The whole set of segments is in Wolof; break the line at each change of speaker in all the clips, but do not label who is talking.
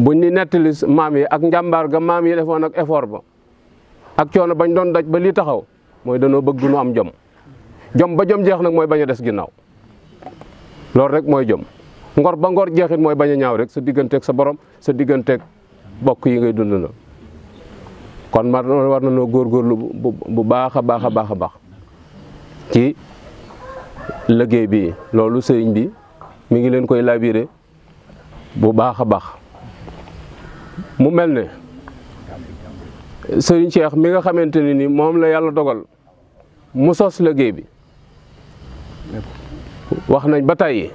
buñ ni nettali maam yi ak njàmbaar ga maam yi defoon ak effort ba ak coono bañ doon daj ba lii taxaw mooy danoo bëgg nu am jom jom ba jom jeex nag mooy bañ a des ginnaaw loolu rek mooy jom ngor ba ngor jeexit mooy bañ a ñaaw rek sa digganteeg sa borom sa digganteeg bokk yi ngay dund na kon ma war na noo góorgóorlu bu baax a baax a baax a baax ci liggéey bi loolu sëriñ bi mi ngi leen koy laabire bu baax a baax mu mel ne sëriñ Cheikh mi nga xamante ne ni moom la yàlla dogal mu sos liggéey bi wax nañ ba tàyyi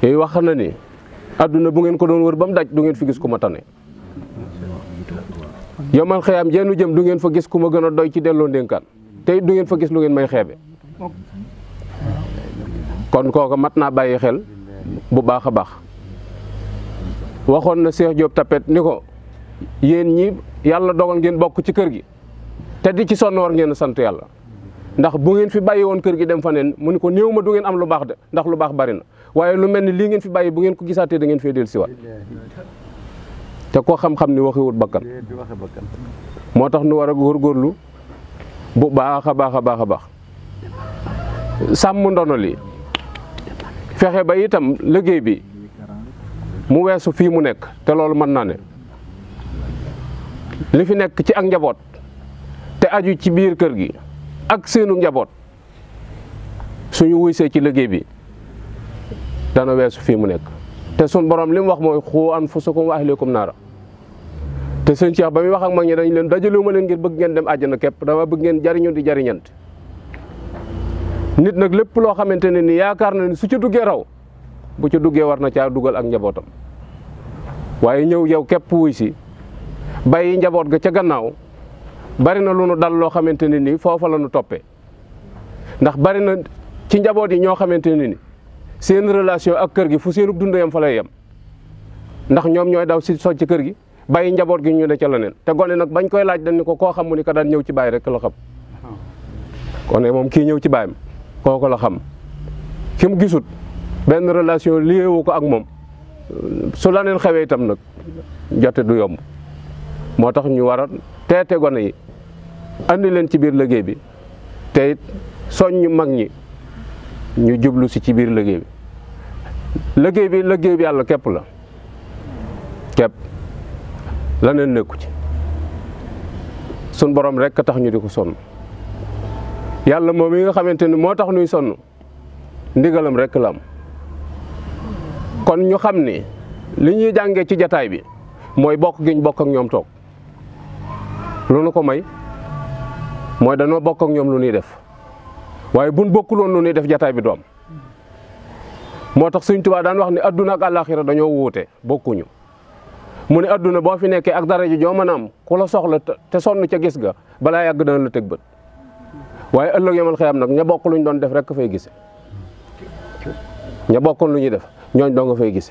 yooyu wax na ni adduna bu ngeen ko doon wër ba mu daj du ngeen fi gis ku ma tane yomal xëyam jennu jëm du ngeen fa gis ku ma gën a doy ci delloo ndénkaan te du ngeen fa gis lu ngeen may xeebe kon kooka mat naa bàyyi xel bu baax a baax waxoon na Cheikh Diop Tapet ni ko yéen ñi yàlla dogal ngeen bokk ci kër gi te di ci sonn war ngeen a sant yàlla ndax bu ngeen fi bàyyi woon kër gi dem fa neen mu ni ko néew ma du ngeen am lu baax de ndax lu baax bari na waaye lu mel ni lii ngeen fi bàyyi bu ngeen ko gisaatee da ngeen fee del siwaat te koo xam-xam ni waxiwut bakkan moo tax nu war a góorlu bu baax a baax a baax a baax sàmm ndono li fexe ba itam liggéey bi mu weesu fii mu nekk te loolu mën naa ne li fi nekk ci ak njaboot te aju ci biir kër gi ak seenu njaboot suñu wuysee ci liggéey bi dana weesu fii mu nekk te sun borom li mu wax mooy xu xuu anfusakum wa ahlikum naara te sëñ Cheikh ba muy wax ak mag ñi leen dajalewu ma leen ngir bëgg ngeen dem na képp dama bëgg ngeen jariñu di jariñant nit nag lépp loo xamante ne ni yaakaar na ne su ci duggee raw bu ci duggee war na caa dugal ak njabootam waaye ñëw yow képp wuy si bàyyi njaboot ga ca gannaaw bari na lu nu dal loo xamante ne nii foofa la nu toppee ndax bari na ci njaboot yi ñoo xamante ne ni seen relation ak kër gi fu dund yam fa lay yem ndax ñoom ñooy daw si socc ci kër gi bàyyi njaboot gi ñu ne ca leneen te gone nag bañ koy laaj dañ ni ko koo xamu ni ko daan ñëw ci baay rek la xam ah. kon moom kii ñëw ci baayam kooku la xam ki mu benn relation lié ko ak moom su la neen xewee itam nag jote du yomb moo tax ñu war a teete gone yi andi leen ci biir liggéey bi te it soññ mag ñi ñu jublu si ci biir liggéey bi liggéey bi liggéey bi yàlla képp la képp la neen nekku ci sun boroom rek tax ñu di ko sonn yàlla moom yi nga xamante ni moo tax nuy sonn ndigalam rek la kon ñu xam ni li ñuy jàngee ci jataay bi mooy bokk giñ bokk ak ñoom toog lu nu ko may mooy danoo bokk ak ñoom lu ñuy def waaye buñ bokkuloon lu ñuy def jataay bi doom moo tax Sëriñ Tuubaa daan wax ne adduna ak àllaaxira dañoo wuute bokkuñu mu ne adduna boo fi nekkee ak dara ji joo mën a am ku la soxla te sonn ca gis ga balaa yàgg dana la tëg bët waaye ëllëg yamal xeyam nag ña bokk lu doon def rek fay gis ña bokkoon lu ñuy def ñooñ doo nga fay gis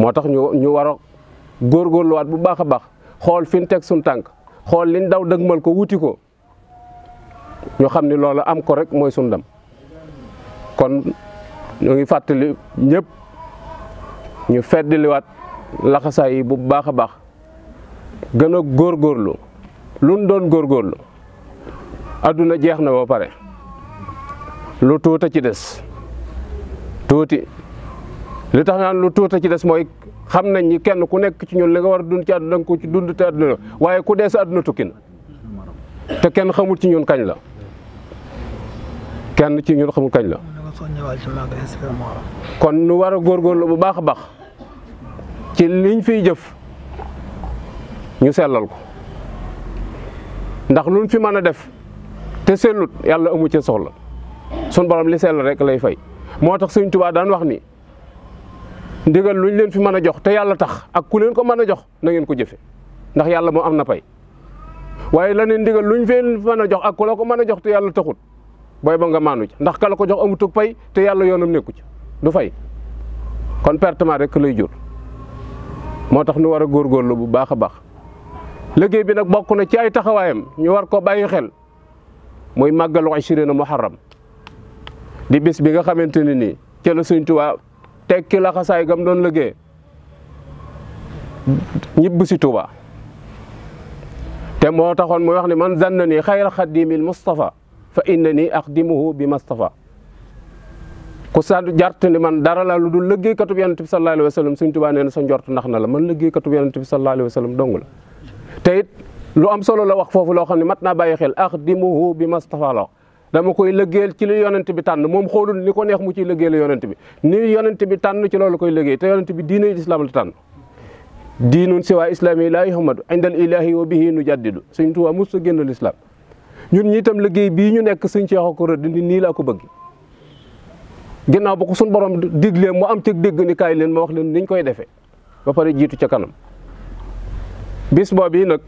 moo tax ñu ñu war a góorgóorluwaat bu baax a baax xool fi ñu teg suñu tànk xool liñ daw dëgmal ko wuti ko ñu xam ni loolu am ko rek mooy suñu dam kon ñu ngi fàttali ñëpp ñu feddliwaat laxasaay yi bu baax a baax gën a góorgóorlu luñ doon góorlu adduna jeex na ba pare lu tuuta ci des tuuti li tax naan lu tuuta ci des mooy xam nañ ni kenn ku nekk ci ñun li nga war a dund ci àdduna da ci dund te àdduna waaye ku dee sa àdduna tukki te kenn xamul ci ñun kañ la kenn ci ñun xamul kañ la. kon nu war a góorgóorlu bu baax a baax ci liñ fiy jëf ñu sellal ko ndax luñ fi mën a def te sellut yàlla amut ci soxla sun borom li sell rek lay fay moo tax Sëñ Tuubaa daan wax ni. ndigal luñ leen fi mën a jox te yàlla tax ak ku leen ko mën a jox na ngeen ko jëfe ndax yàlla moo am na pay waaye la ne ndigal luñ feen mën a jox ak ku la ko mën a jox te yàlla taxut booy ba nga maanu ci ndax kala ko jox amutug pay te yàlla yoonam nekku ci du fay kon pertement rekk lay jur moo tax nu war a góorgóorlu bu baax a baax liggéey bi nag bokk na ci ay taxawaayam ñu war ko bàyyi xel muy màggalu Achirina Muharram di bis bi nga xamante ne nii ca tekki laxasaay gam doon liggéey ñibb si Touba te moo taxoon muy wax ni man zanna ni xayra xadimil Moustapha fa inna ni ak axdimuhu bi Moustapha ku sa jart ni man dara la lu dul liggéeykatub yonent bi sallallahu alayhi wa sallam Sëñ Tuubaa nee na sa njort nax na la man liggéeykatub yonent bi sallallahu alayhi wa sallam dong la te lu am solo la wax foofu loo xam ne mat naa bàyyi xel axdimuhu bi Moustapha la dama koy lëggéeyal ci li yonent bi tànn moom xoolul ni ko neex mu ciy lëggéeyal yonent bi ni yonent bi tànn ci loolu koy lëggéey te yonent bi diine lislaam la tànn diinun siwaa islaami laa yuhmadu indal ilaahi wa bihi nu jaddidu sëñ Tuubaa mos sa génn lislaam ñun ñi itam liggéey bii ñu nekk sëñ Seex ko rëdd ni nii laa ko bëgg ginnaaw ba ko suñ borom diglee mu am ci dégg ni kaay leen ma wax leen niñ koy defee ba pare jiitu ca kanam bis boobu nag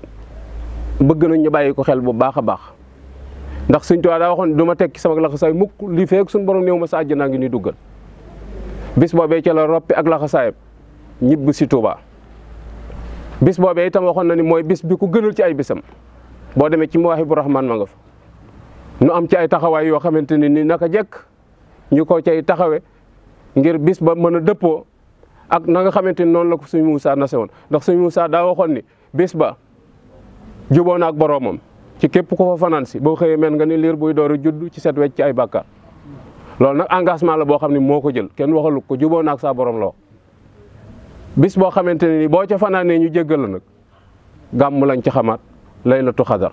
bëgg nañ ñu ko xel bu baax a baax ndax suñ tuwaa daa waxoon du ma teg ci sama laxasaay mukk li feek suñ borom néew ma sa àjjana ngi ñuy duggal bis boobee ca la roppi ak laxasaayam ñibb si Touba bis boobee itam waxoon na ni mooy bis bi ku gënal ci ay bisam boo demee ci Mawaahibu Rahmaan ma nga fa nu am ci ay taxawaay yoo xamante ne ni naka jekk ñu ko cay taxawe ngir bis ba mën a dëppoo ak na nga xamante ni noonu la ko suñ Moussa nase woon ndax suñ Moussa daa waxoon ni bis ba na ak boroomam ci képp ku fa fanaan si boo xëyee mel nga ni liir buy door a judd ci set wecc ci ay bàkkaar loolu nag engagement la boo xam ne moo ko jël kenn waxalu ko juboo naag saa borom loo bis boo xamante ne ni boo ca fanaanee ñu jéggal la nag gàmm lañ ci xamaat laylatu xadar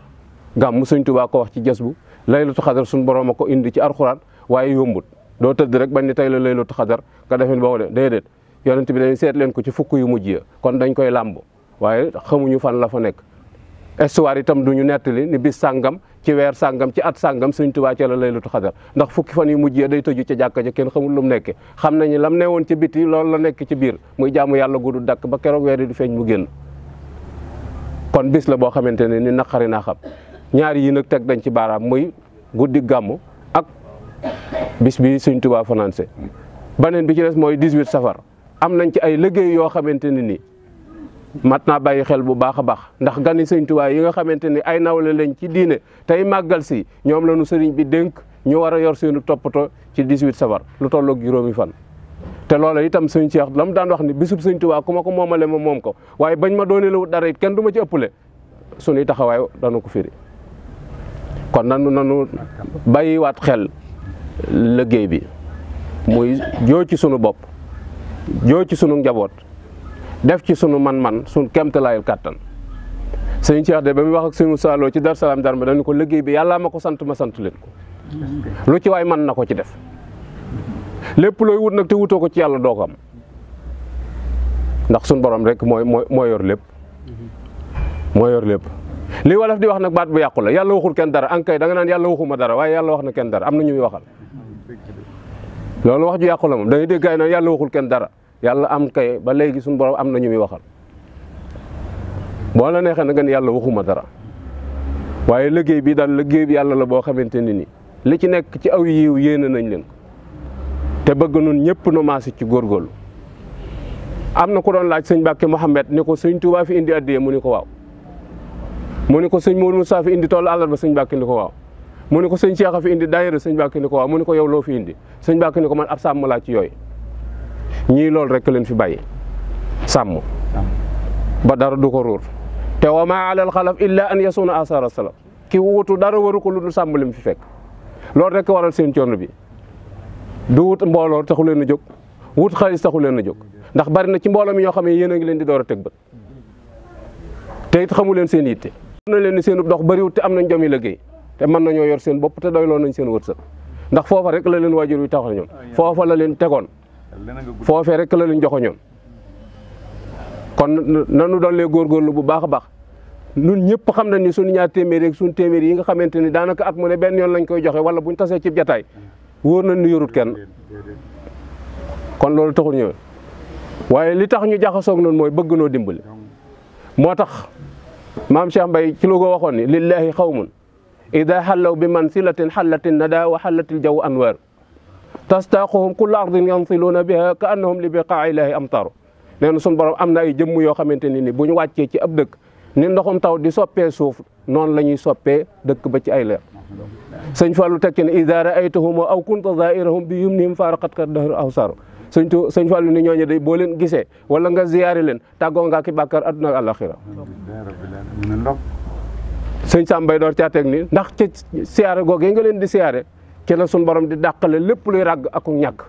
gàmm suñ tubaa ko wax ci jas bu laylatu xadar suñ borom a ko indi ci arxuraan waaye yombut doo tëdd rek bañ ni tey la laylatu xadar nga defin boo de déedéet yonent bi dañ seet leen ko ci fukk yu mujj ya kon dañ koy làmb waaye xamuñu fan la fa nekk histoire itam du ñu nettali ni bis sàngam ci weer sàngam ci at sàngam Sëriñ ceela ca la laylatul xadar ndax fukki fan yi yu mujjee day tëju ci jàkka ja kenn xamul lu mu nekke xam nañu lam ne woon ci biti lool la nekk ci biir muy jaamu yàlla gudu dakk ba keroog weer yi di feeñ mu génn kon bis la boo xamante ne ni naqari naa xam ñaari yi nag teg dañ ci baaraam muy guddi gàmmu ak bis bi Sëriñ Tuubaa fanaanse beneen bi ci des mooy 18 safar am nañ ci ay liggéey yoo xamante ne nii mat naa bàyyi xel bu baax a baax ndax gani sëñ yi nga xamante ni ay nawle lañ ci diine tey màggal si ñoom la ñu sëriñ bi dénk ñu war a yor seenu toppatoo ci 18 safar lu tolloog juróomi fan. te loola itam sëñ Cheikh la mu daan wax ni bisub sëñ Tuubaa ku ma ko moomale ma moom ko waaye bañ ma doone la wut dara kenn du ma ci ëppale suñuy taxawaay danu ko firi kon nanu nanu bàyyiwaat xel liggéey bi muy joo ci sunu bopp joo ci sunu njaboot. def ci sunu man-man sunu kemtalaayul kàttan sëñ Cheikh de ba muy wax ak sëñ ci Dar Salaam Dar ma dañu ko liggéey bi yàllaa ma ko sant ma sant leen ko lu ci waay man na ko ci def lépp looy wut nag te wutoo ko ci yàlla doo ko am ndax sunu borom rek mooy mooy moo yor lépp moo yor lépp. li di wax nag baat bu yàqu la yàlla waxul kenn dara ankay da nga naan yàlla waxuma dara waaye yàlla wax na kenn dara am na ñu muy waxal loolu wax ju yàqu la moom da ngay dégg naan yàlla waxul kenn dara. yàlla am kay ba léegi suñu borom am na ñu muy waxal boo la neexee na nga ne yàlla waxuma dara waaye liggéey bii daal liggéey bi yàlla la boo xamante ne ni li ci nekk ci aw yiw yéene nañ leen te bëgg nun ñëpp nu maasi ci góorgóorlu am na ku doon laaj sëñ Mbàkke Mouhamed ni ko sëñ Touba fi indi addiye mu ni ko waaw mu ni ko sëñ Mourou Moussa fi indi toolu àllarba sëñ Mbàkke ni ko waaw mu ni ko sëñ Cheikh fi indi daayira sëñ bàkki ni ko waaw mu ni ko yow loo fi indi sëñ Mbàkke ko man ab sàmm laa ci yooyu ñii loolu rek leen fi bay sàmm ba dara du ko ruur te wa maa alal xalaf illa an yasuna asara salaf ki wuutu dara waru ko lu dul sàmm lim fi fekk loolu rek waral seen coono bi du wut mbooloo taxu leen a jóg wut xaalis taxu leen a jóg ndax bari na ci mbooloo mi ñoo xam ne yéen a ngi leen di door a teg bët te yit xamu leen seen yitte. na leen ni seen dox bariwut te am nañ jom yi liggéey te mën nañoo yor seen bopp te doyloo nañ seen wërsëg ndax foofa rek la leen waajur wi taxal ñoom foofa la leen tegoon. foofee rek la luñ joxoñoon kon nanu dollee góorgóorlu bu baax a baax nun ñëpp xam nañ ni suñu ñaar téeméeri ak suñu téeméeri yi nga xamante ni daanaka at mu ne benn yoon lañ koy joxe wala buñ tasee ci jataay wóor nañ nu yorut kenn kon loolu taxul ñëw waaye li tax ñu jaxasoog noonu mooy bëgg noo dimbali moo tax maam Cheikh Mbaye ci lu ko waxoon ni lillahi xawmun ida xallaw bi man si mansilatin xallatin nada wa xallatil jaww anwaar tastaaquhum kulla ardin yansiluuna biha ka annahum li biqaa ilahi amtaru nee na sunu borom am na ay jëmm yoo xamante ne ni bu ñu wàccee ci ab dëkk ni ndoxum taw di soppee suuf noonu la ñuy soppee dëkk ba ci ay leer sëñ Fallou tekki ne ida raaytahum aw kunta zairahum bi yumnihim faaraqatka dahru aw saru sëñ tu sëñ Fallou ni ñooñu day boo leen gisee wala nga ziyaare leen tàggoo ngaa ki bàkkaar adduna ak àlaxira sëñ Samba Bay door caateeg ni ndax ci siyaare googee nga leen di ci la suñu borom di dàqale lépp luy ràgg ak ñàkk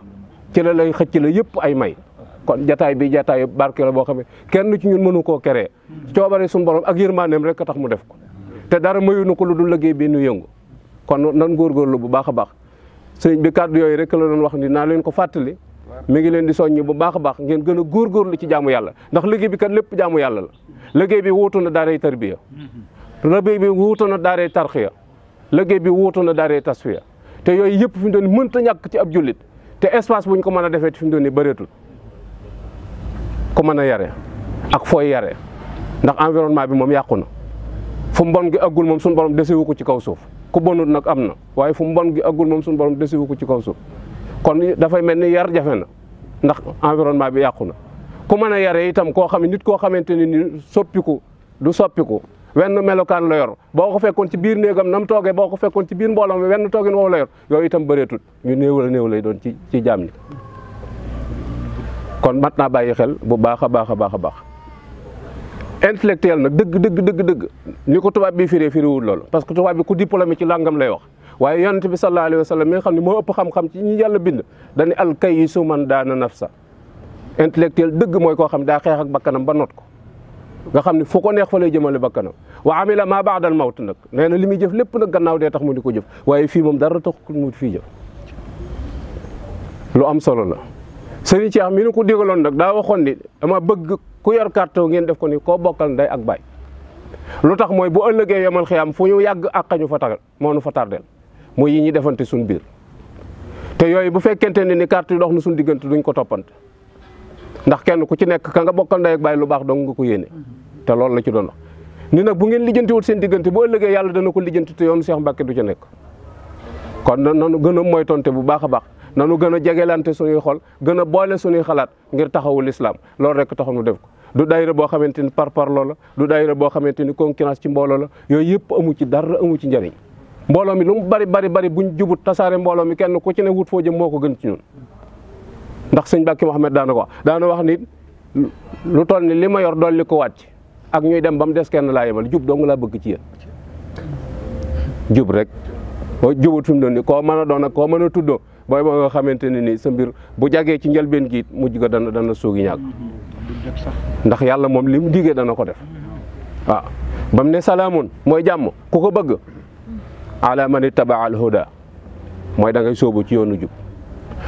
ci la lay xëcc la yëpp ay may kon jataay bi jataay barke la boo xam ne kenn ci ñun mënu koo keree coobare suñu borom ak yërmandeem rek tax mu def ko te dara mayuñu ko lu du léggéey bi nu yëngu kon nan góorgóorlu bu baax a baax sëriñ bi kàddu yooyu rek la doon wax ni naa leen ko fàttali mu ngi leen di soññi bu baax a baax ngeen gën a góorgóorlu ci jaamu yàlla ndax liggéey bi kat lépp jaamu yàlla la liggéey bi wuutu na daaray tarbiya mm-hmm. liggéey bi wuutu na daaray tarxiya liggéey bi wuutu na daaray tasfiya te yooyu yëpp fi mu mën ta ñàkk ci ab jullit te espace bu ñu ko mën a defee fi mu doon bëreetul ko mën a yare ak fooy yare ndax environnement bi moom yàqu na fu mbon gi aggul moom suñu borom desewu ko ci kaw suuf ku bonut nag am na waaye fu mbon gi aggul moom suñu borom ko ci kaw suuf kon dafay mel ni yar jafe na ndax environnement bi yàqu na ku mën a yare itam koo xam nit koo xamante ni soppiku du soppiku wenn melokaan la yor boo ko fekkoon ci biir néegam na mu toogee boo ko fekkoon ci biir mbooloo mi wenn toogin woowu la yooyu itam bëreetut ñu néew la néew lay doon ci ci jaam ñi kon mat naa bàyyi xel bu baax a baax a baax a baax intellectuel na dëgg dëgg dëgg dëgg ni ko tubaab bi firee firiwul lool parce que tubaab bi ku diplômé ci làngam lay wax waaye yonent bi sallallahu alayhi wa sallam xam ni moo ëpp xam-xam ci ñi yàlla bind dañu alkayisu man daana nafsa intellectuel dëgg mooy koo xam daa xeex ak bakkanam ba not ko nga xam ne fu ko neex fa lay jëmale bakkanam wa amila ma baadal mawt nag nee na li muy jëf lépp nag gannaaw dee tax mu di ko jëf waaye fii moom dara tax mu fii jëf am solo la sëriñ Cheikh mi nu ko digaloon nag daa waxoon ni dama bëgg ku yor carton ngeen def ko ni koo bokkal nday ak baay lu tax mooy bu ëllëgee yomal am fu ñu yàgg àqañu fa tagal moo nu fa tardeel mooy yi ñuy defante suñ biir te yooyu bu fekkente ne ni carte yi dox na suñ diggante duñ ko toppante ndax kenn ku ci nekk ka nga bokkal ndey ak baay lu baax dong nga ko yéene te lool la ci doon wax ni nag bu ngeen lijjantiwul seen diggante boo ëllëgee yàlla dana ko lijjanti te yoonu Cheikh Mbacke du ca nekk kon nanu gën a moytonte bu baax a baax nanu gën a jegelante suñuy xol gën a boole suñuy xalaat ngir taxawu lislaam loolu rek taxaw nu def ko du daayira boo xamante ni par parloo la du daayira boo xamante ni concurrence ci mbooloo la yooyu yëpp amu ci dara amu ci njëriñ mbooloo mi lu mu bari bari bari buñ jubut tasaare mbooloo mi kenn ku ci ne foo jëm moo ko gën ci ñun ndax sëñ Bakki Mouhamed daana ko wax daana wax nit lu toll ni li ma yor dolli ko waat ci ak ñuy dem ba mu des kenn laa yemal jub dong laa bëgg ci jub rek boo jubut fi doon ni koo mën a doon ak koo mën a tuddoo booy boo xamante ne nii sa mbir bu jagee ci njëlbeen giit it mujj ko dana dana suugi ñàkk ndax yàlla moom li mu dana ko def waaw ah, ba mu ne salaamun mooy jàmm ku ko bëgg ala man ittabaa al huda mooy da ngay ci yoonu jub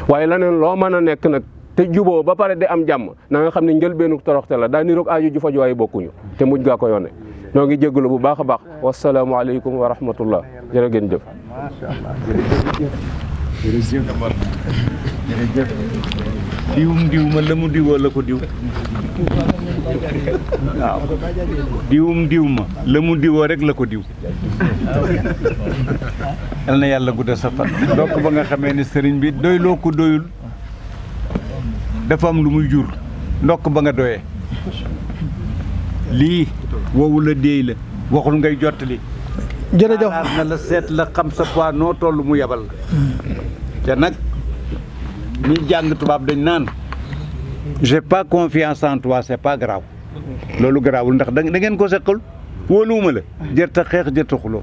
waaye leneen loo mën a nekk nag te juboo ba pare di am jàmm nanga xam ne njëlbeenu toroxte la daa niroog aaju jufaju faj waaye bokkuñu te muj gaa ko yónnee ñoo ngi jégalu bu baax baax wasalaamualeykum wa rahmatullah jërë ngeen jëf. jërëjëf diwum diw ma la mu diwoo la ko diw. waaw diwum diw ma la mu diwoo rek la ko diw yal na yàlla guddal sa fan donc ba nga xamee ni sëriñ bi doyloo ko doyul dafa am lu muy jur ndokk ba nga doyee lii woowu la déey la waxul ngay jottali jërëjëf na la seet la xam sa poids noo toll mu yabal la mm. te nag ñi jàng tubaab dañ naan j'ai pas confiance en toi c'est pas grave loolu garaawul ndax da ngeen ko seqal wóoluwuma la jërta xeex jërta xuloo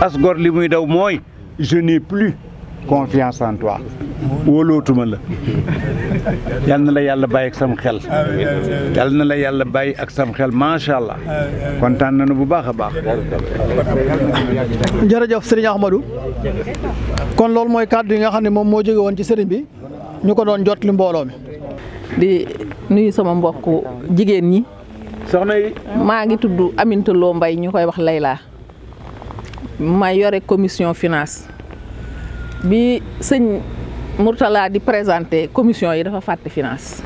as gor li muy daw mooy je n'ai plus confiance en toi la yal na la yàlla bàyyi ak sam xel yal na la yàlla bàyyi ak sam xel macha allah kontaan nañu bu baax a baax.
jërëjëf sëriñ Ahmadou kon loolu mooy kàddu yi nga xam ne moom moo jóge woon ci sëriñ bi ñu ko doon jotli mbooloo mi. di nuyu sama mbokk jigéen ñi. soxna maa ngi tudd Aminta mbay ñu koy wax Layla ma yore commission finance bi sëñ Mourtala di présenté commission yi dafa fàtte finance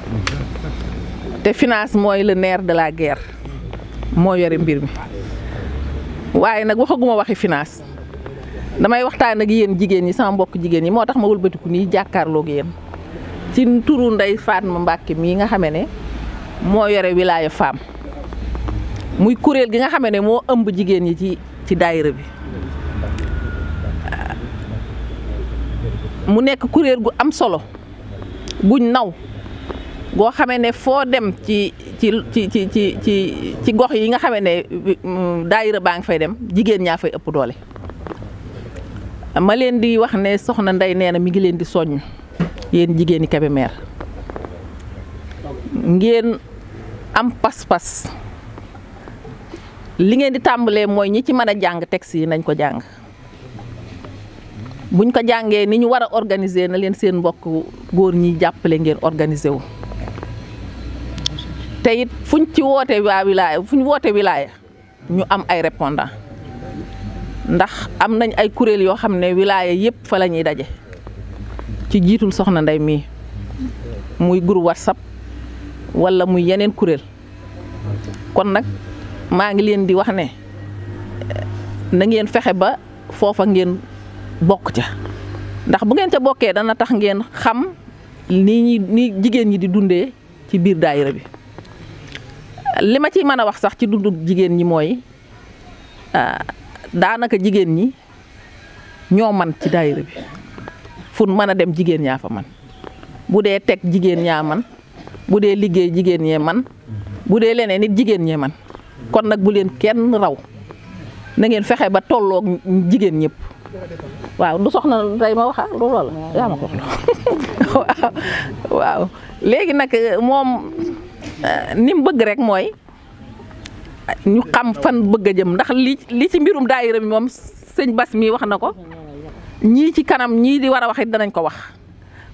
te finance mooy le nerf de la guerre moo yore mbir mi waaye nag waxaguma waxi finance damay waxtaan ak yéen jigéen ñi sama mbokk jigéen ñi moo tax ma wëlbatiku nii jàkkaarloog yéen. ci turu Ndeye Fatma Mbacke mii nga xamee ne moo yore wilaya femme muy kuréel gi nga xamee ne moo ëmb jigéen ñi ci ci daayira bi mu nekk kuréel gu am solo guñ naw goo xame ne foo dem ci ci ci ci ci ci ci gox yi nga xamee ne mm, daayira baa ngi fay dem jigéen ñaa fay ëpp doole ma leen di wax ne soxna ndey nee na mi ngi leen di soññ yéen jigéeni Kébémer ngeen am pas-pas li ngeen di tàmbalee mooy ñi ci mën a jàng texte yi nañ ko jàng buñ ko jàngee ni ñu war a organiser na leen seen mbokk góor ñi jàppale ngeen organiser wu te it fuñ ci woote waa wilaaya fuñ woote wilaaya ñu am ay répondant ndax am nañ ay kuréel yoo xam ne wilaaya yëpp fa la ñuy daje ci jiitul soxna ndey mii muy groupe whatsapp walla muy yeneen kuréel kon nag maa ngi leen di wax ne eh, na ngeen fexe ba foofa ngeen bokk ca ndax bu ngeen ca bokkee dana tax ngeen xam nii ni jigéen ñi di dundee ci biir daayira bi li ma ciy mën a wax sax ci dundu jigéen ñi mooy ah, daanaka jigéen ñi ñoo man ci daayira bi fun mën a dem jigéen ñaa fa man bu dee teg jigéen ñaa man bu dee liggéey jigéen ñee man bu dee leneen nit jigéen ñee man kon nag bu leen kenn raw na ngeen fexe ba tolloog jigéen ñépp waaw du soxna tey ma waxa loolu la yaa ma ko waaw léegi nag euh, moom euh, ni bëgg rek mooy ñu xam fan bëgg a jëm ndax li li ci mbirum daay bi moom sëñ Bas mii wax na ko ñii ci kanam ñii di war a wax it danañ ko wax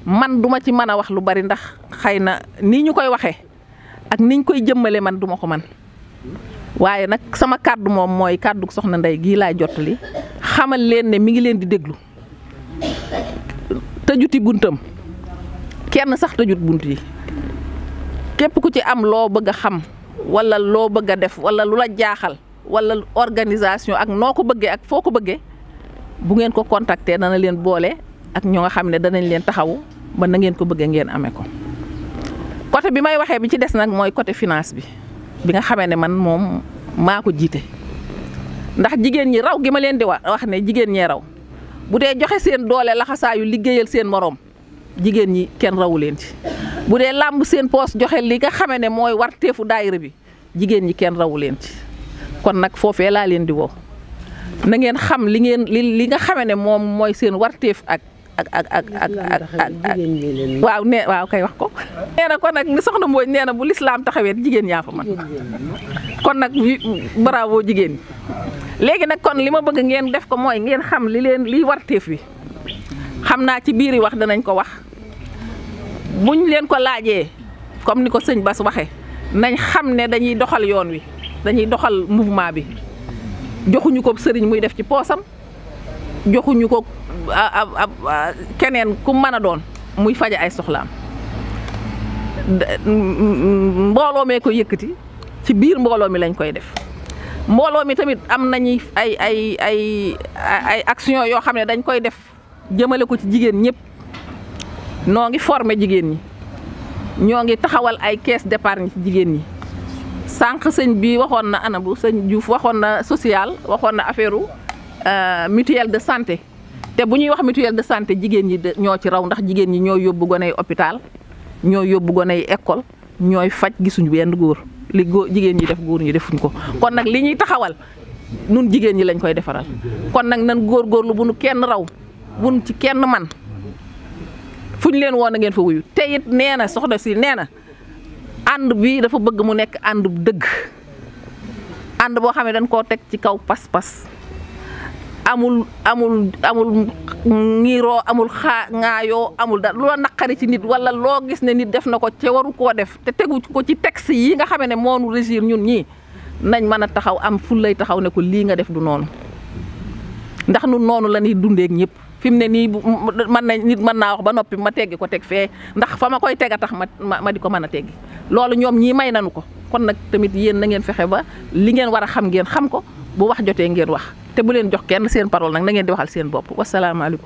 man duma ci mën a wax lu bari ndax xëy na nii ñu koy waxee ak niñ koy jëmmale man duma ko man waaye nag sama kàddu moom mooy kàddu soxna ndey gii laay li xamal leen ne mi ngi leen di déglu tëjuti buntam kenn sax tëjut bunt yi képp ku ci am loo bëgg a xam walla loo bëgg a def wala lu la jaaxal wala organisation ak noo ko bëggee ak foo ko bëggee bu ngeen ko contacter dana leen boole ak ñoo nga xam ne danañ leen taxawu ba na ngeen ko bëggee ngeen amee ko côté bi may waxee bi ci des nag mooy côté finance bi bi nga xamee ne man moom maa ko jiite ndax jigéen ñi raw gi ma leen di wax wax ne jigéen ñee raw bu dee joxe seen doole laxasaayu liggéeyal seen moroom jigéen ñi kenn rawu leen ci bu dee làmb seen poos joxe li nga xamee ne mooy warteefu daayira bi jigéen ñi kenn rawu leen ci kon nag foofee laa leen di woo na ngeen xam li ngeen li li nga xame ne moom mooy seen warteef ak. ak ak ak ak ak ak waaw nee waaw kay wax ko. nee na kon nag ni soxna Mbodj nee na bu lislaam taxawee jigéen yaa fa man kon nag bravo jigéen léegi nag kon li ma bëgg ngeen def ko mooy ngeen xam li leen liy warteef wi xam naa ci biir yi wax danañ ko wax buñ leen ko laajee comme ni ko sëñ Bas waxee nañ xam ne dañuy doxal yoon wi dañuy doxal mouvement bi. joxuñu ko sëriñ muy def ci poosam joxuñu ko ab keneen ku mën a doon muy faje ay soxlaam mbooloo mee ko yëkkati ci biir mbooloo mi lañ koy def mbooloo mi tamit am nañuy ay ay ay ay action yoo xam ne dañ koy def jëmale ko ci jigéen ñëpp noo ngi forme jigéen ñi ñoo ngi taxawal ay caisse d'épargne ci jigéen ñi sànq sëñ bi waxoon na ana sëñ Diouf waxoon na social waxoon na affaire euh, mutuelle de santé te bu ñuy wax mutuelle de santé jigéen ñi ñoo ci raw ndax jigéen ñi ñoo yóbbu goney hôpital ñoo yóbbu goney école ñooy faj gisuñu benn góor li góor jigéen ñi def góor ñi defuñ ko kon nag li ñuy taxawal nun jigéen ñi lañ koy defaral kon nag nan góorgóorlu bu nu kenn raw bu nu ci kenn man fu ñu leen woon a ngeen fa wuyu te it nee na soxna si nee na ànd bi dafa bëgg mu nekk ànd bu dëgg ànd boo xam ne dañ koo teg ci kaw pas-pas amul amul amul ngiiroo amul xaa ŋaayoo amul da loo naqari ci nit walla loo gis ne nit def na ko te waru koo def te tegu ko ci texte yi nga xame ne moonu régir ñun ñii nañ mën a taxaw am ful lay taxaw ne ko lii nga def du noonu ndax nu noonu la ñuy dundeek ñëpp fi mu ne nii mën na nit mën naa wax ba noppi ma teggi ko teg fee ndax fa ma koy teg a tax ma ma di ko mën a teggi loolu ñoom ñii may nanu ko kon nag tamit yéen na ngeen fexe ba li ngeen war a xam ngeen xam ko bu wax jotee ngeen wax te bu leen jox kenn seen parole nag na ngeen di waxal seen bopp wasalaamaaleykum